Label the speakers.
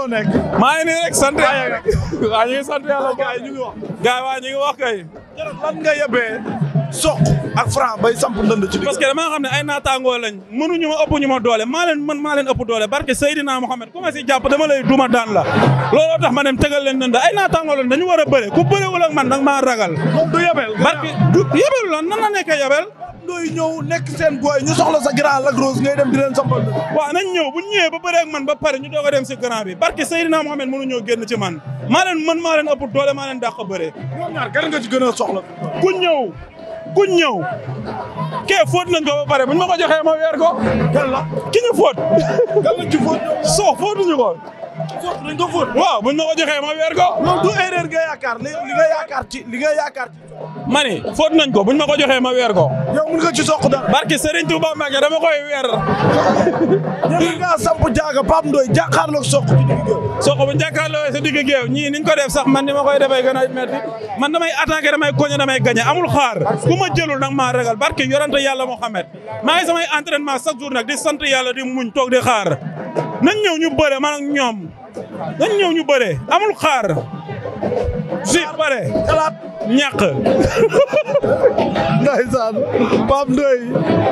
Speaker 1: loo nekk. maa ngi nii rek sant yàlla. waaw xam ne ay naataangoo lañ mënuñu ma ëpp ñu ma doole maa leen man maa leen ëpp doole barke Seydina Mohamed ku si jàpp dama lay duma daan la looloo tax ma dem tegal leen ndënd ay naataangoo lañ dañu war a ku bërewul ak man danga maa ragal. moom du yebel. barke du yebelu lan nan la looy ñëw nekk seen booy ñu soxla sa grand Lac Rose ngay dem di leen soxla. waaw nañ ñëw bu ñu ba bëree man ba pare ñu doog a dem si grand bi barke Seydina Mohamed mënu ñoo génn ci man maa leen man maa leen ëpp doole maa leen dàq a a soxla. ku ñëw ku ñëw kee fóot nañ ko ba pare buñ ma ko joxee ma weer ko. la ki ñu fóot. gan la ci fóot.
Speaker 2: waaw buñ ma ko joxee ma weer ko. loolu du erreur li nga yaakaar
Speaker 1: ma ni nañ ko buñ ma ko joxee ma weer ko. yow mun nga ci soq dara. barke Serigne Touba Mbacke dama koy weer. ñoom nga samp jaaga Pape Ndoye jàkkaarloog soq ci digg géew. soq bu jàkkaarloo si digg géew ñii niñ ko def sax man ni ma koy defee gën a metti man damay attaqué damay koñe damay gañe amul xaar ku ma jëlul nag maa ragal barke yorante yàlla Mohamed maa ngi samay entraînement chaque jour nag di sant yàlla di muñ toog di xaar nañ ñëw ñu bëre man ak ñoom dañ ñëw ñu bëree amul xaar si bare xalaat ñàq ndeysaan Pape Ndoye